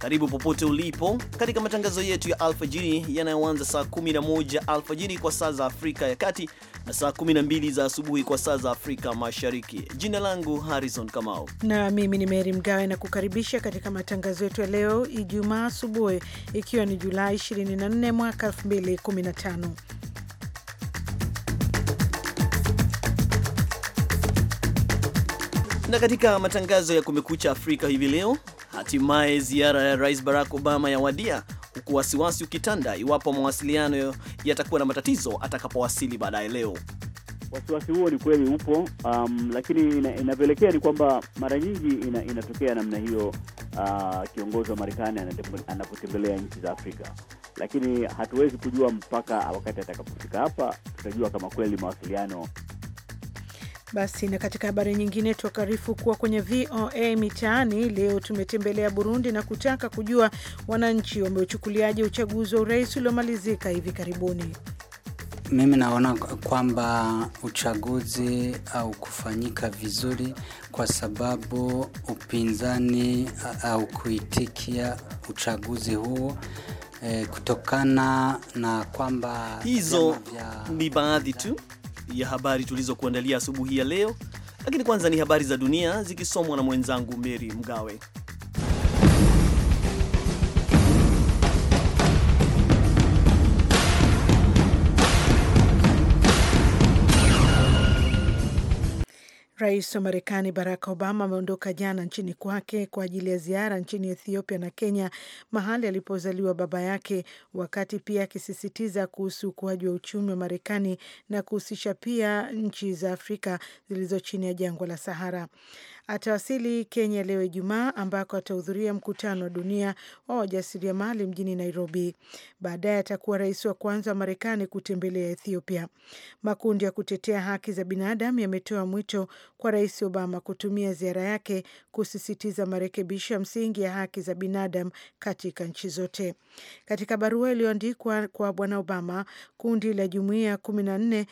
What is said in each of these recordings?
Karibu popote ulipo katika matangazo yetu ya alfajiri yanayoanza saa 11 alfajiri kwa saa za Afrika ya Kati na saa 12 za asubuhi kwa saa za Afrika Mashariki. Jina langu Harrison Kamau na mimi ni Mary Mgawe na kukaribisha katika matangazo yetu ya leo Ijumaa asubuhi, ikiwa ni Julai 24 mwaka 2015. Na katika matangazo ya Kumekucha Afrika hivi leo, hatimaye ziara ya Rais Barack Obama ya wadia huku wasiwasi ukitanda iwapo mawasiliano yatakuwa na matatizo atakapowasili baadaye leo. Wasiwasi huo ni kweli upo, um, lakini inavyoelekea ina ni kwamba mara nyingi ina, inatokea namna hiyo uh, kiongozi wa Marekani anapotembelea nchi za Afrika, lakini hatuwezi kujua mpaka wakati atakapofika hapa, tutajua kama kweli mawasiliano basi na katika habari nyingine, tuakarifu kuwa kwenye VOA Mitaani leo tumetembelea Burundi na kutaka kujua wananchi wameuchukuliaje uchaguzi wa urais uliomalizika hivi karibuni. Mimi naona kwamba uchaguzi au kufanyika vizuri kwa sababu upinzani au kuitikia uchaguzi huo. E, kutokana na kwamba hizo ni baadhi tu ya habari tulizokuandalia asubuhi ya leo, lakini kwanza ni habari za dunia zikisomwa na mwenzangu Mary Mgawe. Rais wa Marekani Barack Obama ameondoka jana nchini kwake kwa ajili ya ziara nchini Ethiopia na Kenya, mahali alipozaliwa baba yake, wakati pia akisisitiza kuhusu ukuaji wa uchumi wa Marekani na kuhusisha pia nchi za Afrika zilizo chini ya jangwa la Sahara atawasili Kenya leo Ijumaa, ambako atahudhuria mkutano wa dunia wa wajasiriamali mjini Nairobi. Baadaye atakuwa rais wa kwanza wa Marekani kutembelea Ethiopia. Makundi ya kutetea haki za binadamu yametoa mwito kwa Rais Obama kutumia ziara yake kusisitiza marekebisho ya msingi ya haki za binadamu katika nchi zote. Katika barua iliyoandikwa kwa Bwana Obama, kundi la jumuiya kumi na nne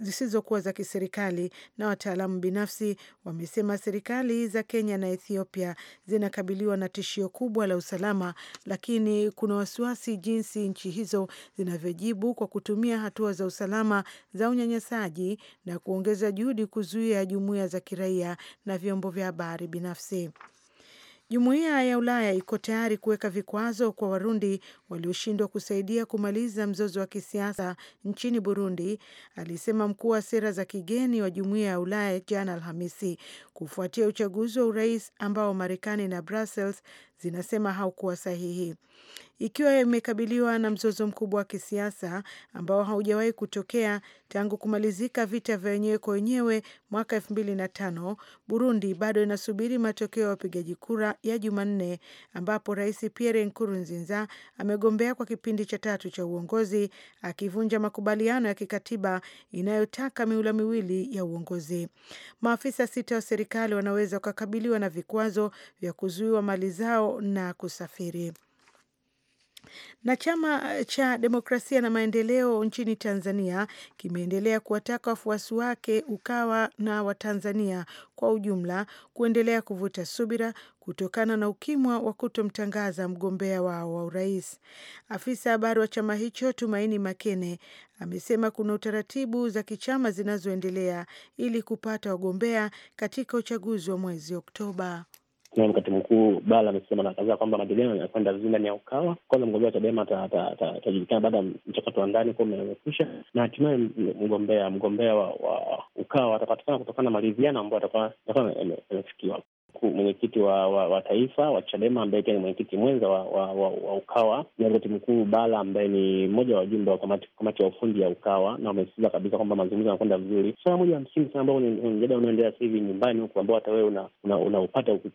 zisizokuwa za kiserikali na wataalamu binafsi wamesema amesema serikali za Kenya na Ethiopia zinakabiliwa na tishio kubwa la usalama, lakini kuna wasiwasi jinsi nchi hizo zinavyojibu kwa kutumia hatua za usalama za unyanyasaji na kuongeza juhudi kuzuia jumuiya za kiraia na vyombo vya habari binafsi. Jumuiya ya Ulaya iko tayari kuweka vikwazo kwa Warundi walioshindwa kusaidia kumaliza mzozo wa kisiasa nchini Burundi, alisema mkuu wa sera za kigeni wa Jumuiya ya Ulaya jana Alhamisi, kufuatia uchaguzi wa urais ambao Marekani na Brussels zinasema haukuwa sahihi. Ikiwa imekabiliwa na mzozo mkubwa wa kisiasa ambao haujawahi kutokea tangu kumalizika vita vya wenyewe kwa wenyewe mwaka elfu mbili na tano, Burundi bado inasubiri matokeo ya wapigaji kura ya Jumanne ambapo Rais Pierre Nkurunziza amegombea kwa kipindi cha tatu cha uongozi akivunja makubaliano ya kikatiba inayotaka miula miwili ya uongozi. Maafisa sita wa serikali wanaweza wakakabiliwa na vikwazo vya kuzuiwa mali zao na kusafiri. Na chama eh, cha demokrasia na maendeleo nchini Tanzania kimeendelea kuwataka wafuasi wake Ukawa na Watanzania kwa ujumla kuendelea kuvuta subira kutokana na ukimwa wa kutomtangaza mgombea wao wa urais. Afisa habari wa chama hicho Tumaini Makene amesema kuna utaratibu za kichama zinazoendelea ili kupata wagombea katika uchaguzi wa mwezi Oktoba. Naam, katibu mkuu Bala amesema na kwamba majadiliano yanakwenda vizuri ndani ya Ukawa. Kwanza mgombea wa Chadema atajulikana baada ya mchakato wa ndani kuwa umekwisha, na hatimaye mgombea mgombea wa Ukawa atapatikana kutokana na maridhiano ambayo atakuwa amefikiwa mwenyekiti wa, wa, wa taifa wa Chadema ambaye pia ni mwenyekiti mwenza wa, wa, wa, wa Ukawa, Jagoti Mkuu Bala ambaye ni mmoja wa wajumbe wa kamati, kamati ya ufundi ya Ukawa, na wamesisitiza kabisa kwamba mazungumzo yanakwenda vizuri. Swala moja ya msingi sana ambao mjadala unaendelea sasa hivi nyumbani huku, ambao hata wewe unaupata una, una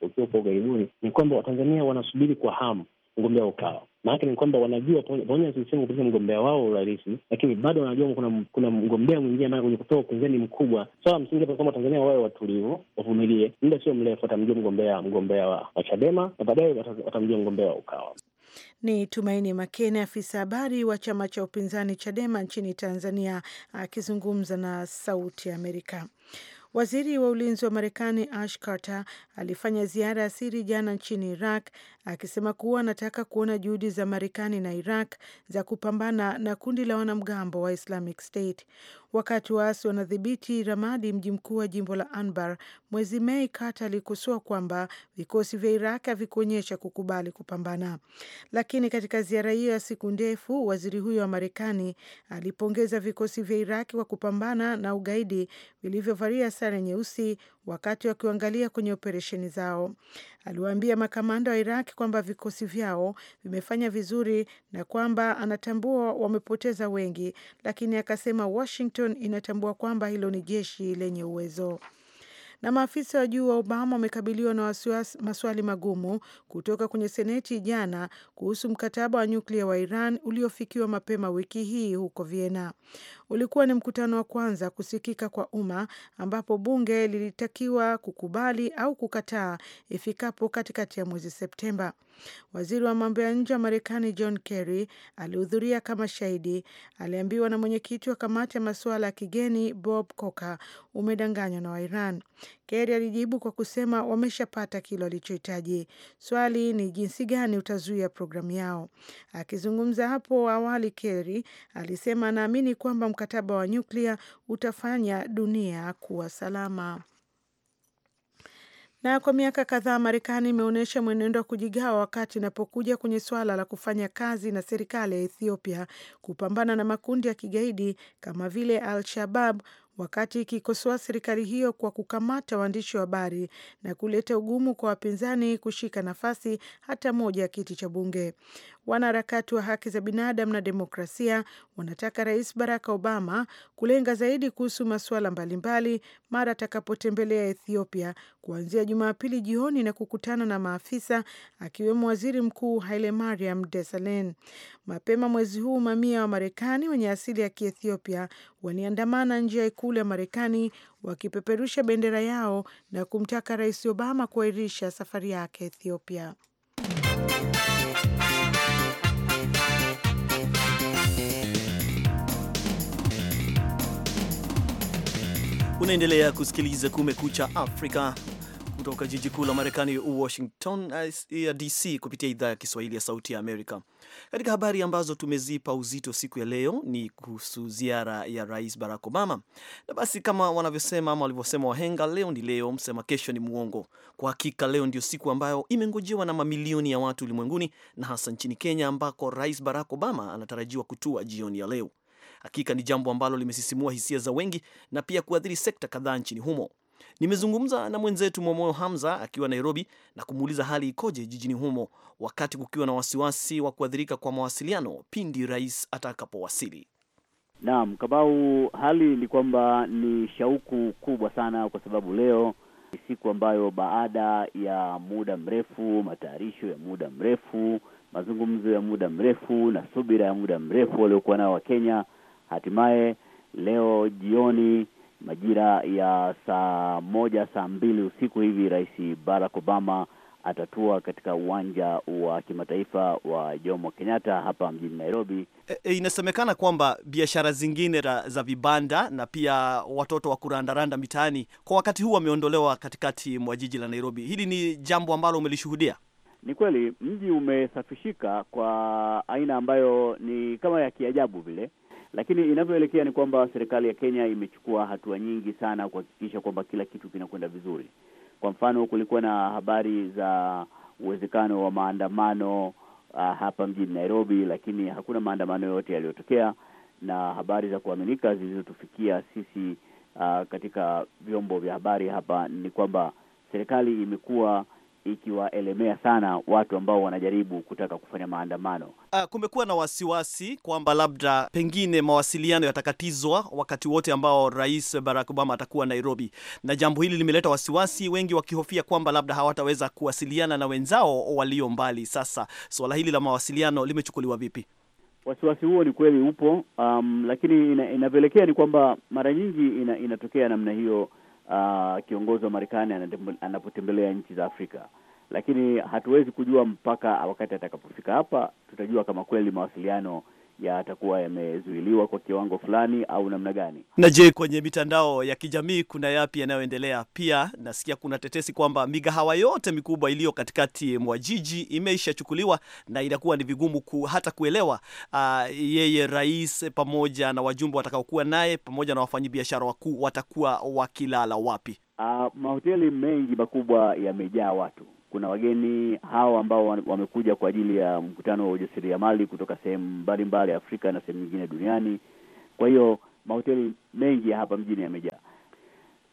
ukiwa upo ugaribuni ni kwamba Watanzania wanasubiri kwa hamu mgombea ukawa maanake ni kwamba wanajua pamoja na CCM kupitisha mgombea wao urahisi, lakini bado wanajua kuna kuna mgombea mwingine ambaye kwenye kutoa upinzani mkubwa. Swala la msingi kwamba Tanzania wawe watulivu, wavumilie, muda sio mrefu watamjua mgombea mgombea wa Chadema na baadaye watamjua mgombea wa Ukawa. Ni Tumaini Makene, afisa habari wa chama cha upinzani Chadema nchini Tanzania, akizungumza na Sauti ya Amerika. Waziri wa ulinzi wa Marekani Ash Carter alifanya ziara ya siri jana nchini Iraq akisema kuwa anataka kuona juhudi za Marekani na Iraq za kupambana na kundi la wanamgambo wa Islamic State. Wakati waasi wanadhibiti Ramadi, mji mkuu wa jimbo la Anbar, mwezi Mei, Kata alikosoa kwamba vikosi vya Iraq havikuonyesha kukubali kupambana. Lakini katika ziara hiyo ya siku ndefu, waziri huyo wa Marekani alipongeza vikosi vya Iraq kwa kupambana na ugaidi vilivyovalia sare nyeusi wakati wakiangalia kwenye operesheni zao. Aliwaambia makamanda wa Iraq kwamba vikosi vyao vimefanya vizuri na kwamba anatambua wamepoteza wengi, lakini akasema Washington inatambua kwamba hilo ni jeshi lenye uwezo na maafisa wa juu wa Obama wamekabiliwa na wasiwasi, maswali magumu kutoka kwenye seneti jana kuhusu mkataba wa nyuklia wa Iran uliofikiwa mapema wiki hii huko Vienna ulikuwa ni mkutano wa kwanza kusikika kwa umma ambapo bunge lilitakiwa kukubali au kukataa ifikapo katikati ya mwezi Septemba. Waziri wa mambo ya nje wa Marekani John Kerry alihudhuria kama shahidi. Aliambiwa na mwenyekiti wa kamati ya masuala ya kigeni Bob Coker, umedanganywa na Wairan. Kerry alijibu kwa kusema wameshapata kile walichohitaji, swali ni jinsi gani utazuia programu yao. Akizungumza hapo awali, Kerry alisema anaamini kwamba mkataba wa nyuklia utafanya dunia kuwa salama. Na kwa miaka kadhaa Marekani imeonyesha mwenendo wa kujigawa wakati inapokuja kwenye suala la kufanya kazi na serikali ya Ethiopia kupambana na makundi ya kigaidi kama vile Al-Shabab, wakati ikikosoa serikali hiyo kwa kukamata waandishi wa habari na kuleta ugumu kwa wapinzani kushika nafasi hata moja ya kiti cha bunge. Wanaharakati wa haki za binadamu na demokrasia wanataka Rais Barack Obama kulenga zaidi kuhusu masuala mbalimbali mara atakapotembelea Ethiopia kuanzia Jumapili jioni na kukutana na maafisa akiwemo Waziri Mkuu Haile Mariam Desalegn. Mapema mwezi huu, mamia wa Marekani wenye asili ya Kiethiopia waliandamana nje ya ikulu ya Marekani wakipeperusha bendera yao na kumtaka Rais Obama kuahirisha safari yake Ethiopia. Unaendelea kusikiliza Kumekucha Afrika kutoka jiji kuu la Marekani, Washington eh, DC, kupitia idhaa ya Kiswahili ya Sauti ya Amerika. Katika habari ambazo tumezipa uzito siku ya leo ni kuhusu ziara ya Rais Barack Obama, na basi kama wanavyosema ama walivyosema wahenga, leo ni leo, msema kesho ni mwongo. Kwa hakika leo ndio siku ambayo imengojewa na mamilioni ya watu ulimwenguni, na hasa nchini Kenya ambako Rais Barack Obama anatarajiwa kutua jioni ya leo. Hakika ni jambo ambalo limesisimua hisia za wengi na pia kuathiri sekta kadhaa nchini humo. Nimezungumza na mwenzetu Momoyo Hamza akiwa Nairobi na kumuuliza hali ikoje jijini humo wakati kukiwa na wasiwasi wa kuathirika kwa mawasiliano pindi rais atakapowasili. Naam, kabau hali ni kwamba ni shauku kubwa sana kwa sababu leo ni siku ambayo baada ya muda mrefu, matayarisho ya muda mrefu, mazungumzo ya muda mrefu na subira ya muda mrefu waliokuwa nao Wakenya Hatimaye leo jioni majira ya saa moja saa mbili usiku hivi, Rais Barack Obama atatua katika uwanja wa kimataifa wa Jomo Kenyatta hapa mjini Nairobi. E, e, inasemekana kwamba biashara zingine za vibanda na pia watoto wa kurandaranda mitaani kwa wakati huu wameondolewa katikati mwa jiji la Nairobi. Hili ni jambo ambalo umelishuhudia? Ni kweli mji umesafishika kwa aina ambayo ni kama ya kiajabu vile. Lakini inavyoelekea ni kwamba serikali ya Kenya imechukua hatua nyingi sana kuhakikisha kwamba kila kitu kinakwenda vizuri. Kwa mfano, kulikuwa na habari za uwezekano wa maandamano uh, hapa mjini Nairobi, lakini hakuna maandamano yoyote yaliyotokea, na habari za kuaminika zilizotufikia sisi uh, katika vyombo vya habari hapa ni kwamba serikali imekuwa ikiwaelemea sana watu ambao wanajaribu kutaka kufanya maandamano. Uh, kumekuwa na wasiwasi kwamba labda pengine mawasiliano yatakatizwa wakati wote ambao Rais Barack Obama atakuwa Nairobi, na jambo hili limeleta wasiwasi, wengi wakihofia kwamba labda hawataweza kuwasiliana na wenzao walio mbali. Sasa suala hili la mawasiliano limechukuliwa vipi? Wasiwasi huo ni kweli upo, um, lakini inavyoelekea ina ni kwamba mara nyingi ina, inatokea namna hiyo uh, kiongozi wa Marekani anapotembelea nchi za Afrika, lakini hatuwezi kujua mpaka wakati atakapofika hapa, tutajua kama kweli mawasiliano yatakuwa yamezuiliwa kwa kiwango fulani au namna gani? Na je, kwenye mitandao ya kijamii kuna yapi yanayoendelea? Pia nasikia kuna tetesi kwamba migahawa yote mikubwa iliyo katikati mwa jiji imeishachukuliwa na inakuwa ni vigumu ku, hata kuelewa uh, yeye rais pamoja na wajumbe watakaokuwa naye pamoja na wafanyabiashara wakuu watakuwa wakilala wapi. Uh, mahoteli mengi makubwa yamejaa watu kuna wageni hao ambao wamekuja kwa ajili ya mkutano wa ujasiriamali kutoka sehemu mbalimbali Afrika na sehemu nyingine duniani. Kwa hiyo mahoteli mengi ya hapa mjini yamejaa,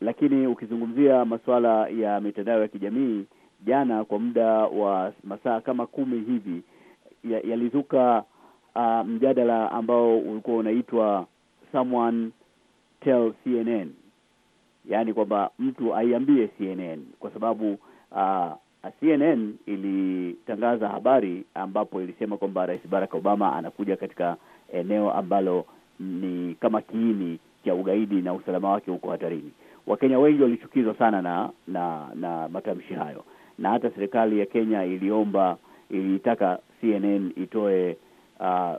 lakini ukizungumzia masuala ya mitandao ya kijamii, jana kwa muda wa masaa kama kumi hivi yalizuka ya uh, mjadala ambao ulikuwa unaitwa someone tell CNN, yaani kwamba mtu aiambie CNN kwa sababu uh, CNN ilitangaza habari ambapo ilisema kwamba Rais Barack Obama anakuja katika eneo ambalo ni kama kiini cha ugaidi na usalama wake uko hatarini. Wakenya wengi walichukizwa sana na na, na matamshi hayo, na hata serikali ya Kenya iliomba ilitaka CNN itoe uh,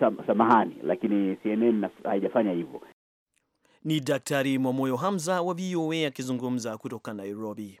sam, samahani, lakini CNN haijafanya hivyo. Ni Daktari Mwamoyo Hamza wa VOA akizungumza kutoka Nairobi.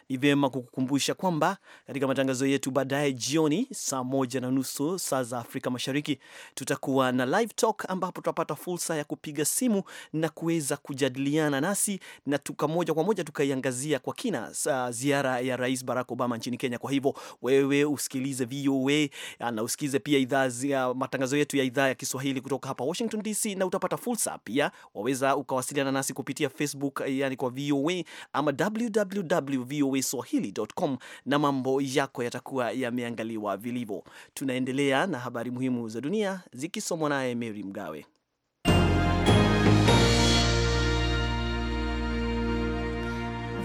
ni vyema kukukumbusha kwamba katika matangazo yetu baadaye jioni saa moja na nusu saa za Afrika Mashariki tutakuwa na live talk, ambapo tutapata fursa ya kupiga simu na kuweza kujadiliana nasi na tuka moja kwa moja tukaiangazia kwa kina ziara ya Rais Barack Obama nchini Kenya. Kwa hivyo wewe usikilize VOA na usikilize pia idhaa ya matangazo yetu ya idhaa ya Kiswahili kutoka hapa Washington DC, na utapata fursa pia waweza ukawasiliana nasi kupitia Facebook, yani kwa VOA ama www voaswahili.com na mambo yako yatakuwa yameangaliwa vilivyo. Tunaendelea na habari muhimu za dunia zikisomwa naye Mary Mgawe.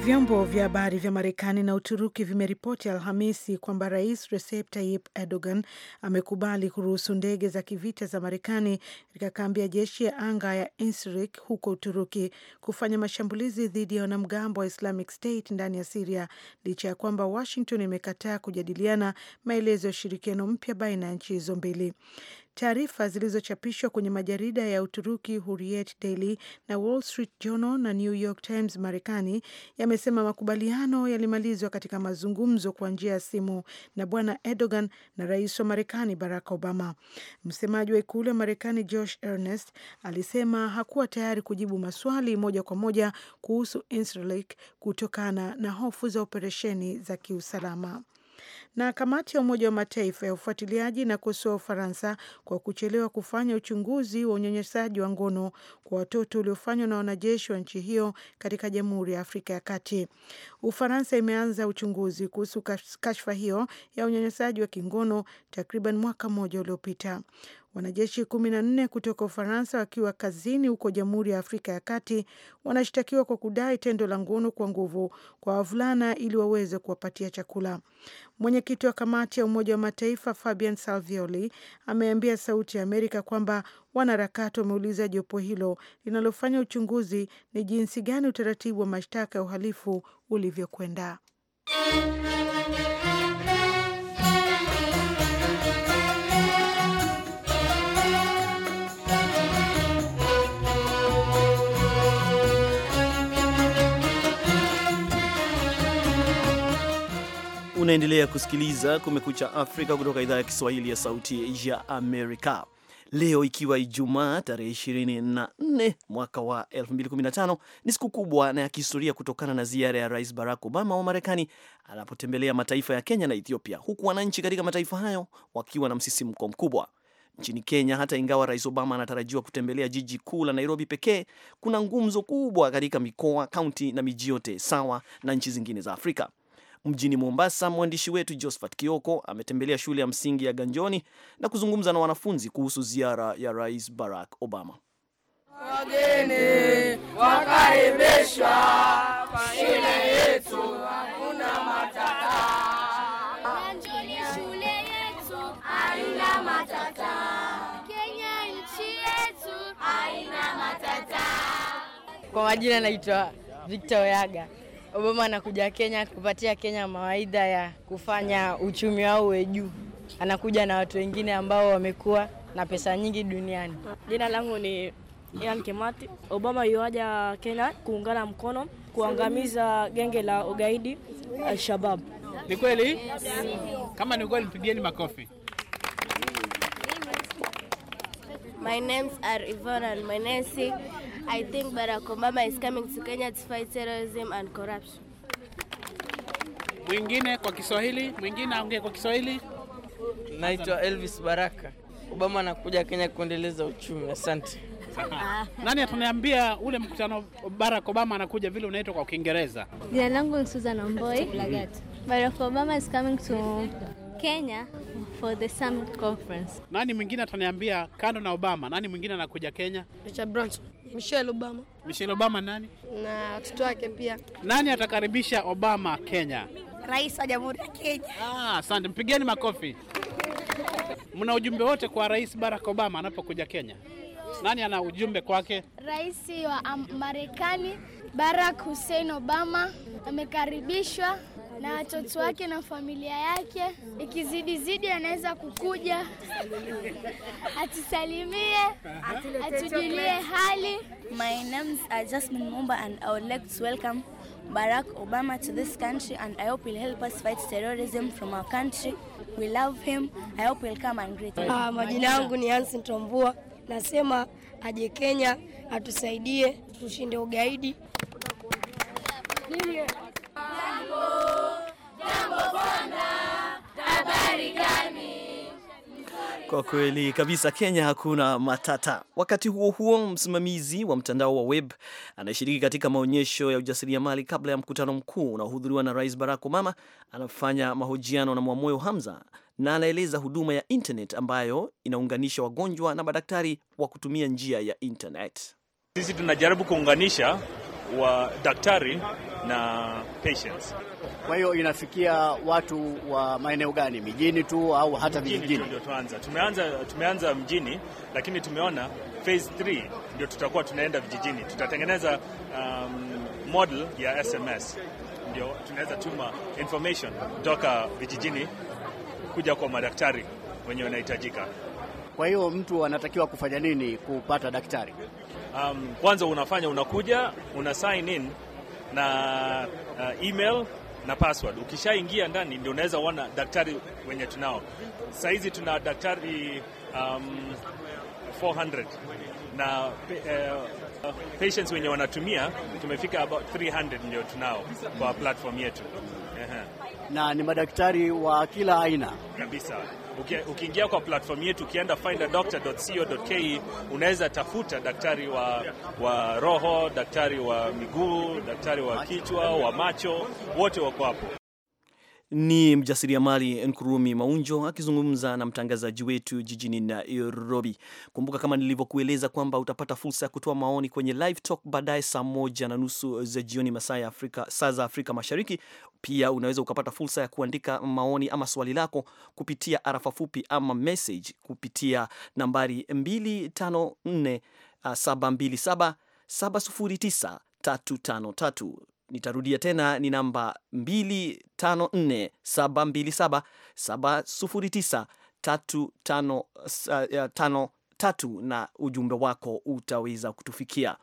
Vyombo vya habari vya Marekani na Uturuki vimeripoti Alhamisi kwamba rais Recep Tayyip Erdogan amekubali kuruhusu ndege za kivita za Marekani katika kambi ya jeshi ya anga ya Incirlik huko Uturuki kufanya mashambulizi dhidi ya wanamgambo wa Islamic State ndani ya Siria, licha ya kwamba Washington imekataa kujadiliana maelezo ya ushirikiano mpya baina ya nchi hizo mbili. Taarifa zilizochapishwa kwenye majarida ya Uturuki Hurriyet Daily na Wall Street Journal na New York Times Marekani yamesema makubaliano yalimalizwa katika mazungumzo kwa njia ya simu na Bwana Erdogan na rais wa Marekani Barack Obama. Msemaji wa ikulu ya Marekani Josh Earnest alisema hakuwa tayari kujibu maswali moja kwa moja kuhusu Incirlik kutokana na hofu za operesheni za kiusalama. Na kamati ya Umoja wa Mataifa ya ufuatiliaji na kosoa Ufaransa kwa kuchelewa kufanya uchunguzi wa unyanyasaji wa ngono kwa watoto uliofanywa na wanajeshi wa nchi hiyo katika Jamhuri ya Afrika ya Kati. Ufaransa imeanza uchunguzi kuhusu kashfa hiyo ya unyanyasaji wa kingono takriban mwaka mmoja uliopita. Wanajeshi kumi na nne kutoka Ufaransa wakiwa kazini huko Jamhuri ya Afrika ya Kati wanashtakiwa kwa kudai tendo la ngono kwa nguvu kwa wavulana ili waweze kuwapatia chakula. Mwenyekiti wa kamati ya Umoja wa Mataifa Fabian Salvioli ameambia Sauti ya Amerika kwamba wanaharakati wameuliza jopo hilo linalofanya uchunguzi ni jinsi gani utaratibu wa mashtaka ya uhalifu ulivyokwenda. Unaendelea kusikiliza Kumekucha Afrika kutoka idhaa ya Kiswahili ya Sauti ya Amerika. Leo ikiwa Ijumaa tarehe 24 mwaka wa 2015 ni siku kubwa na ya kihistoria kutokana na ziara ya Rais Barack Obama wa Marekani anapotembelea mataifa ya Kenya na Ethiopia, huku wananchi katika mataifa hayo wakiwa na msisimko mkubwa. Nchini Kenya, hata ingawa Rais Obama anatarajiwa kutembelea jiji kuu la Nairobi pekee, kuna ngumzo kubwa katika mikoa, kaunti na miji yote sawa na nchi zingine za Afrika. Mjini Mombasa, mwandishi wetu Josephat Kioko ametembelea shule ya msingi ya Ganjoni na kuzungumza na wanafunzi kuhusu ziara ya Rais Barack Obama. Wageni wakaribishwa shule yetu, hakuna matata. Ganjoni shule yetu haina matata. Kenya nchi yetu haina matata. Kwa majina naitwa Victor Oyaga. Obama anakuja Kenya kupatia Kenya mawaidha ya kufanya uchumi wao uwe juu. Anakuja na watu wengine ambao wamekuwa na pesa nyingi duniani. Jina langu ni Ian Kimati. Obama yuaja Kenya kuungana mkono kuangamiza genge la ugaidi Al-Shabab. Ni kweli? Kama ni kweli mpigieni makofi. My names are Yvonne and Manesi. I think Barack Obama is coming to Kenya to fight terrorism and corruption. Mwingine kwa Kiswahili, mwingine aongee kwa Kiswahili. Naitwa Elvis Baraka. Obama anakuja Kenya kuendeleza uchumi. Asante. Nani atuniambia ule mkutano Barack Obama anakuja vile unaitwa kwa Kiingereza? Jina langu ni Susan Omboy. Barack Obama is coming to Kenya for the summit conference. Nani mwingine ataniambia kando na Obama, nani mwingine anakuja Kenya? Richard Branson. Michelle Obama. Michelle Obama nani? Na watoto wake pia. Nani atakaribisha Obama Kenya? Rais wa Jamhuri ya Kenya. Ah, asante. Mpigeni makofi. Mna ujumbe wote kwa Rais Barack Obama anapokuja Kenya? Nani ana ujumbe kwake? Rais wa Marekani Barack Hussein Obama amekaribishwa na watoto wake na familia yake. ikizidi zidi anaweza kukuja atusalimie, atujulie hali. My name is uh, Jasmine Mumba and I would like to welcome Barack Obama to this country and I hope he'll help us fight terrorism from our country. We love him. I hope he'll come and greet us. Ah, majina yangu ni Hansi Tombua. Nasema aje Kenya atusaidie tushinde ugaidi. Kwa kweli kabisa, Kenya hakuna matata. Wakati huo huo, msimamizi wa mtandao wa web anayeshiriki katika maonyesho ya ujasiriamali kabla ya mkutano mkuu unaohudhuriwa na Rais Barack Obama anafanya mahojiano na Mwamoyo Hamza na anaeleza huduma ya internet ambayo inaunganisha wagonjwa na madaktari wa kutumia njia ya internet. Sisi tunajaribu kuunganisha wa daktari na patients. Kwa hiyo inafikia watu wa maeneo gani, mijini tu au hata vijijini? Ndio tuanza, tumeanza tumeanza mjini, lakini tumeona phase 3 ndio tutakuwa tunaenda vijijini. Tutatengeneza um, model ya SMS ndio tunaweza tuma information kutoka vijijini kuja kwa madaktari wenye wanahitajika. Kwa hiyo mtu anatakiwa kufanya nini kupata daktari? Um, kwanza unafanya unakuja una sign in na uh, email na password. Ukishaingia ndani ndio unaweza uona daktari wenye tunao sahizi Tuna daktari um, 400 na uh, patients wenye wanatumia tumefika about 300 ndio tunao kwa platform yetu. na ni madaktari wa kila aina kabisa. Ukiingia kwa platform yetu ukienda findadoctor.co.ke unaweza tafuta daktari wa, wa roho, daktari wa miguu, daktari wa kichwa, wa macho, wote wako hapo. Ni mjasiriamali Nkurumi Maunjo akizungumza na mtangazaji wetu jijini Nairobi. Kumbuka kama nilivyokueleza kwamba utapata fursa ya kutoa maoni kwenye live talk baadaye saa moja na nusu za jioni masaa ya Afrika, saa za Afrika Mashariki. Pia unaweza ukapata fursa ya kuandika maoni ama swali lako kupitia arafa fupi ama message kupitia nambari ah, tatu nitarudia tena ni namba 254727709353 eh, na ujumbe wako utaweza kutufikia.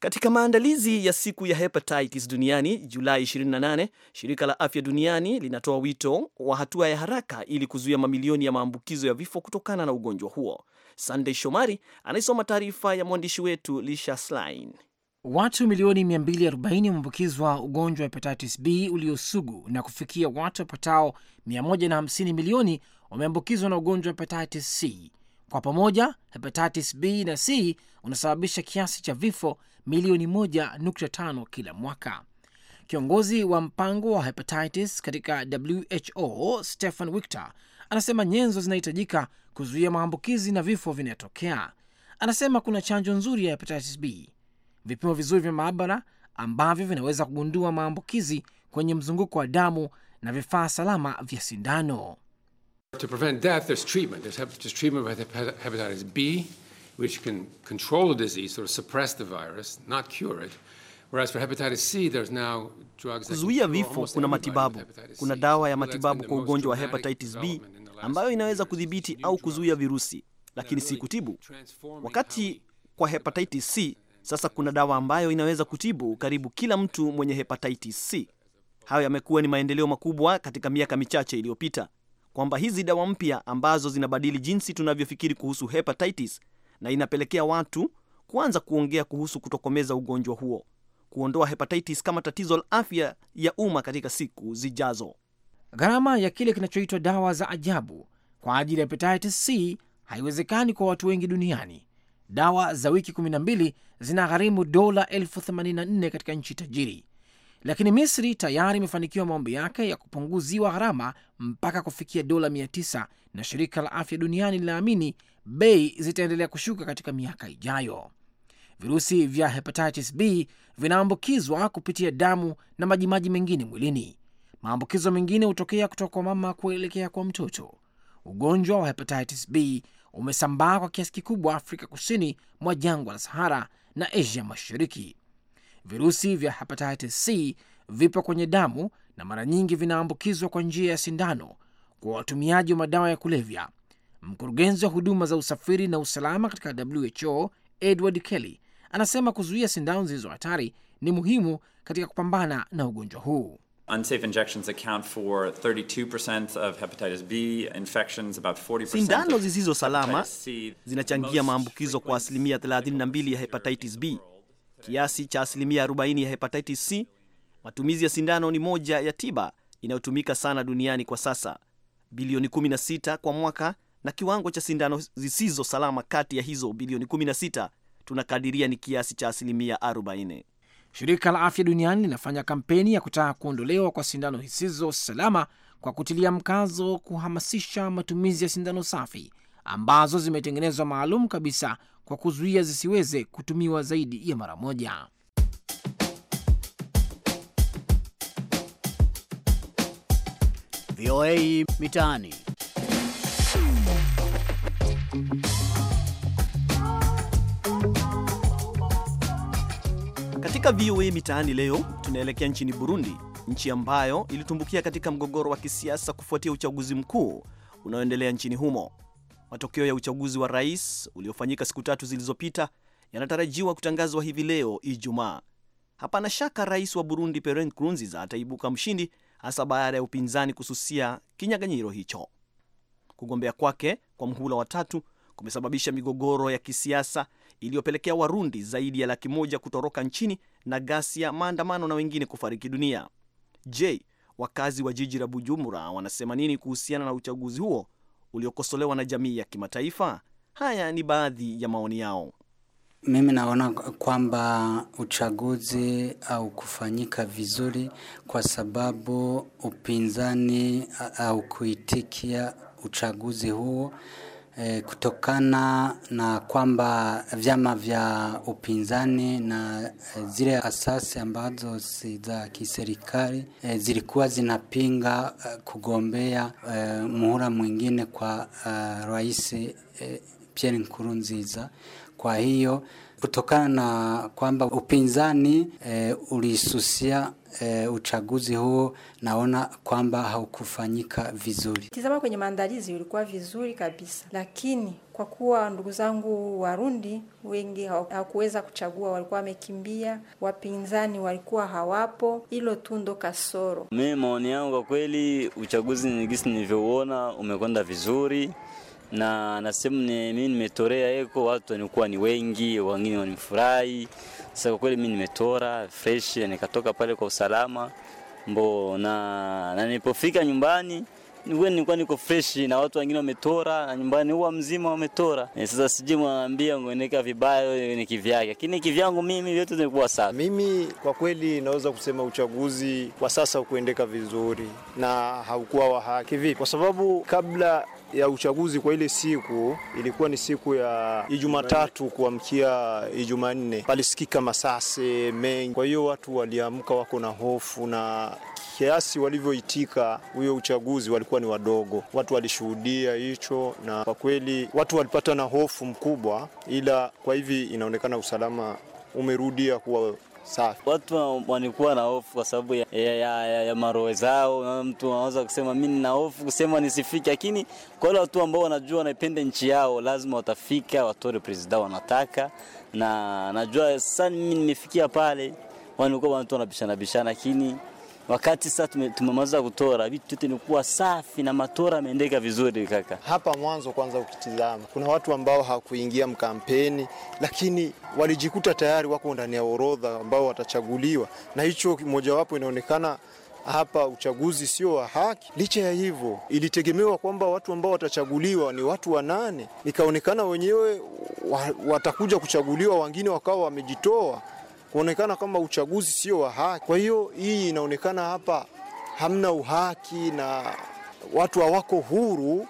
Katika maandalizi ya siku ya hepatitis duniani Julai 28, shirika la afya duniani linatoa wito wa hatua ya haraka ili kuzuia mamilioni ya maambukizo ya vifo kutokana na ugonjwa huo. Sandey Shomari anaisoma taarifa ya mwandishi wetu Lisha Slain. Watu milioni 240 wameambukizwa ugonjwa wa hepatitis B uliosugu na kufikia watu wapatao 150 milioni wameambukizwa na ugonjwa wa hepatitis C. Kwa pamoja, hepatitis B na C unasababisha kiasi cha vifo milioni 1.5 kila mwaka. Kiongozi wa mpango wa hepatitis katika WHO Stephen Wiktor anasema nyenzo zinahitajika kuzuia maambukizi na vifo vinatokea. Anasema kuna chanjo nzuri ya hepatitis B vipimo vizuri vya maabara ambavyo vinaweza kugundua maambukizi kwenye mzunguko wa damu na vifaa salama vya sindano. To prevent death, there's treatment. There's treatment hepatitis B, which can control the disease, suppress the virus, not cure it. Whereas for hepatitis C, there's now drugs that kuzuia vifo, kuna matibabu. Kuna dawa ya matibabu kwa ugonjwa wa hepatitis B ambayo inaweza kudhibiti au kuzuia virusi, lakini si kutibu. Wakati kwa hepatitis C sasa kuna dawa ambayo inaweza kutibu karibu kila mtu mwenye hepatitis C. Hayo yamekuwa ni maendeleo makubwa katika miaka michache iliyopita, kwamba hizi dawa mpya ambazo zinabadili jinsi tunavyofikiri kuhusu hepatitis na inapelekea watu kuanza kuongea kuhusu kutokomeza ugonjwa huo, kuondoa hepatitis kama tatizo la afya ya umma katika siku zijazo. Gharama ya kile kinachoitwa dawa za ajabu kwa ajili ya hepatitis C haiwezekani kwa watu wengi duniani dawa za wiki 12 zinagharimu dola 84 katika nchi tajiri, lakini Misri tayari imefanikiwa maombi yake ya kupunguziwa gharama mpaka kufikia dola 900, na shirika la afya duniani linaamini bei zitaendelea kushuka katika miaka ijayo. Virusi vya hepatitis B vinaambukizwa kupitia damu na majimaji mengine mwilini. Maambukizo mengine hutokea kutoka kwa mama kuelekea kwa mtoto. Ugonjwa wa hepatitis B umesambaa kwa kiasi kikubwa Afrika kusini mwa jangwa la Sahara na Asia Mashariki. Virusi vya hepatitis C vipo kwenye damu na mara nyingi vinaambukizwa kwa njia ya sindano kwa watumiaji wa madawa ya kulevya. Mkurugenzi wa huduma za usafiri na usalama katika WHO Edward Kelly anasema kuzuia sindano zilizo hatari ni muhimu katika kupambana na ugonjwa huu. Unsafe injections account for 32% of hepatitis B infections, about 40%. Sindano zisizo salama zinachangia maambukizo kwa asilimia 32 ya hepatitis B, kiasi cha asilimia 40 ya hepatitis C. Matumizi ya sindano ni moja ya tiba inayotumika sana duniani kwa sasa, bilioni 16 kwa mwaka, na kiwango cha sindano zisizo salama kati ya hizo bilioni 16 tunakadiria ni kiasi cha asilimia 40. Shirika la Afya Duniani linafanya kampeni ya kutaka kuondolewa kwa sindano zisizo salama kwa kutilia mkazo kuhamasisha matumizi ya sindano safi ambazo zimetengenezwa maalum kabisa kwa kuzuia zisiweze kutumiwa zaidi ya mara moja. VOA Mitaani. Katika VOA Mitaani leo tunaelekea nchini Burundi, nchi ambayo ilitumbukia katika mgogoro wa kisiasa kufuatia uchaguzi mkuu unaoendelea nchini humo. Matokeo ya uchaguzi wa rais uliofanyika siku tatu zilizopita yanatarajiwa kutangazwa hivi leo Ijumaa. Hapana shaka rais wa Burundi Pierre Nkurunziza ataibuka mshindi, hasa baada ya upinzani kususia kinyaganyiro hicho. Kugombea kwake kwa mhula wa tatu kumesababisha migogoro ya kisiasa iliyopelekea Warundi zaidi ya laki moja kutoroka nchini na ghasia, maandamano na wengine kufariki dunia. Je, wakazi wa jiji la Bujumbura wanasema nini kuhusiana na uchaguzi huo uliokosolewa na jamii ya kimataifa? Haya ni baadhi ya maoni yao. Mimi naona kwamba uchaguzi au kufanyika vizuri kwa sababu upinzani au kuitikia uchaguzi huo e, kutokana na kwamba vyama vya upinzani na e, zile asasi ambazo si za kiserikali e, zilikuwa zinapinga e, kugombea e, muhula mwingine kwa e, rais e, Pierre Nkurunziza. Kwa hiyo kutokana na kwamba upinzani e, ulisusia e, uchaguzi huo, naona kwamba haukufanyika vizuri. Tizama kwenye maandalizi ulikuwa vizuri kabisa, lakini kwa kuwa ndugu zangu Warundi wengi hawakuweza kuchagua, walikuwa wamekimbia, wapinzani walikuwa hawapo, hilo tu ndo kasoro. Mimi maoni yangu kwa kweli, uchaguzi nigisi nilivyouona umekwenda vizuri na na ni mimi nimetorea eko, watu wanikuwa ni wengi, wengine wanifurahi. Sasa kwa kweli mimi nimetora fresh, nikatoka pale kwa usalama mbo, na, na nilipofika nyumbani Niwe nilikuwa niko fresh na watu wengine wametora na nyumbani huwa mzima wametora. E, sasa sije mwambia ngoneka vibaya ni kivyake. Lakini kivyangu mimi vyote nilikuwa sawa Mimi kwa kweli naweza kusema uchaguzi kwa sasa ukuendeka vizuri na haukuwa wa haki vipi? Kwa sababu kabla ya uchaguzi kwa ile siku ilikuwa ni siku ya ijumatatu kuamkia ijumanne palisikika masase mengi. Kwa hiyo watu waliamka wako na hofu, na kiasi walivyoitika huyo uchaguzi walikuwa ni wadogo. Watu walishuhudia hicho, na kwa kweli watu walipata na hofu mkubwa, ila kwa hivi inaonekana usalama umerudia kuwa safi. Watu wanikuwa na hofu kwa sababu ya, ya, ya, ya, maroho zao, na mtu anaweza kusema mimi nina hofu kusema nisifike, lakini kwa wale watu ambao wanajua wanaipenda nchi yao lazima watafika, watore presida wanataka, na najua sasa mimi nimefikia pale, wanikuwa watu wanabishana bishana lakini Wakati sasa tumemaliza kutora vitu vyote, imekuwa safi na matora ameendeka vizuri kaka. Hapa mwanzo kwanza, ukitizama kuna watu ambao hakuingia mkampeni, lakini walijikuta tayari wako ndani ya orodha ambao watachaguliwa, na hicho mojawapo inaonekana hapa uchaguzi sio wa haki. Licha ya hivyo, ilitegemewa kwamba watu ambao watachaguliwa ni watu wanane, ikaonekana wenyewe watakuja kuchaguliwa, wengine wakawa wamejitoa kuonekana kwamba uchaguzi sio wa haki. Kwa hiyo hii inaonekana hapa hamna uhaki na watu hawako huru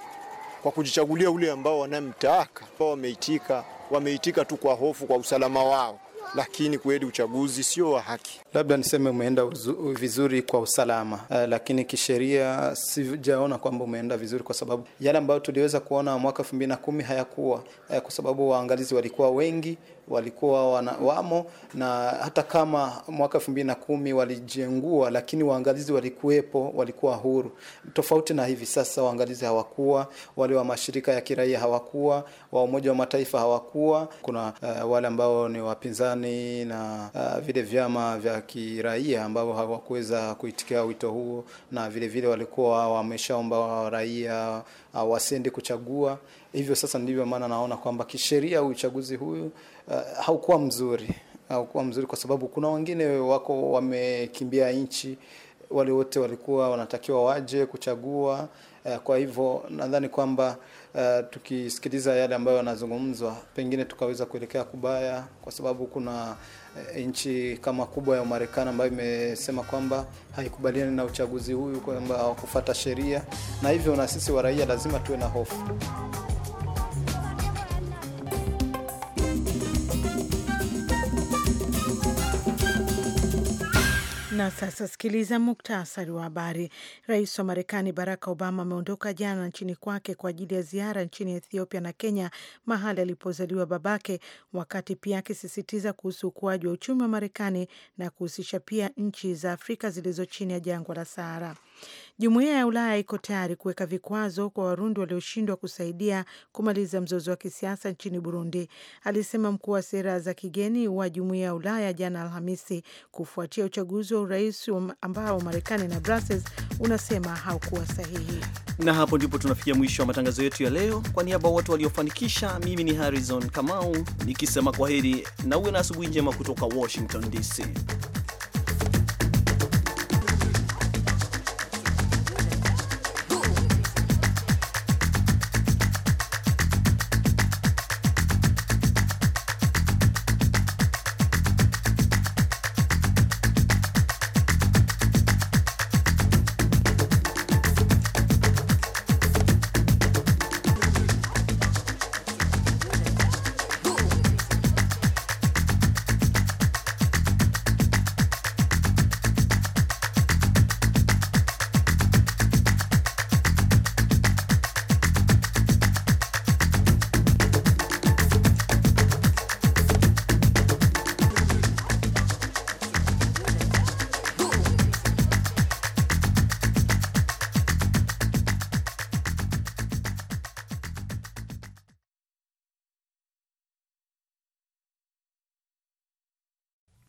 kwa kujichagulia ule ambao wanamtaka. Wameitika, wameitika tu kwa hofu kwa usalama wao, lakini kweli uchaguzi sio wa haki labda niseme umeenda uzu, vizuri kwa usalama uh, lakini kisheria sijaona kwamba umeenda vizuri, kwa sababu yale ambayo tuliweza kuona mwaka elfu mbili na kumi hayakuwa uh, kwa sababu waangalizi walikuwa wengi walikuwa wana, wamo na hata kama mwaka elfu mbili na kumi walijengua, lakini waangalizi walikuwepo, walikuwa huru, tofauti na hivi sasa. Waangalizi hawakuwa, wale wa mashirika ya kiraia hawakuwa, wa Umoja wa Mataifa hawakuwa. Kuna uh, wale ambao ni wapinzani na uh, vile vyama vya kiraia ambao hawakuweza kuitikia wito huo, na vile vile walikuwa wameshaomba raia uh, wasende kuchagua. Hivyo sasa ndivyo maana naona kwamba kisheria uchaguzi huyu uh, haukuwa mzuri, haukuwa mzuri kwa sababu kuna wengine wako wamekimbia nchi wale wote walikuwa wanatakiwa waje kuchagua. Uh, kwa hivyo nadhani kwamba uh, tukisikiliza yale ambayo yanazungumzwa, pengine tukaweza kuelekea kubaya, kwa sababu kuna Eh, nchi kama kubwa ya Umarekani ambayo imesema kwamba haikubaliani na uchaguzi huyu, kwamba hawakufuata sheria, na hivyo na sisi wa raia lazima tuwe na hofu. Na sasa sikiliza muktasari wa habari. Rais wa Marekani Barack Obama ameondoka jana nchini kwake kwa ajili ya ziara nchini Ethiopia na Kenya, mahali alipozaliwa babake, wakati pia akisisitiza kuhusu ukuaji wa uchumi wa Marekani na kuhusisha pia nchi za Afrika zilizo chini ya jangwa la Sahara. Jumuiya ya Ulaya iko tayari kuweka vikwazo kwa Warundi walioshindwa kusaidia kumaliza mzozo wa kisiasa nchini Burundi, alisema mkuu wa sera za kigeni wa Jumuiya ya Ulaya jana Alhamisi, kufuatia uchaguzi wa urais ambao Marekani na Brussels unasema haukuwa sahihi. Na hapo ndipo tunafikia mwisho wa matangazo yetu ya leo. Kwa niaba ya watu waliofanikisha, mimi ni Harrison Kamau nikisema kwa heri na uwe na asubuhi njema kutoka Washington DC.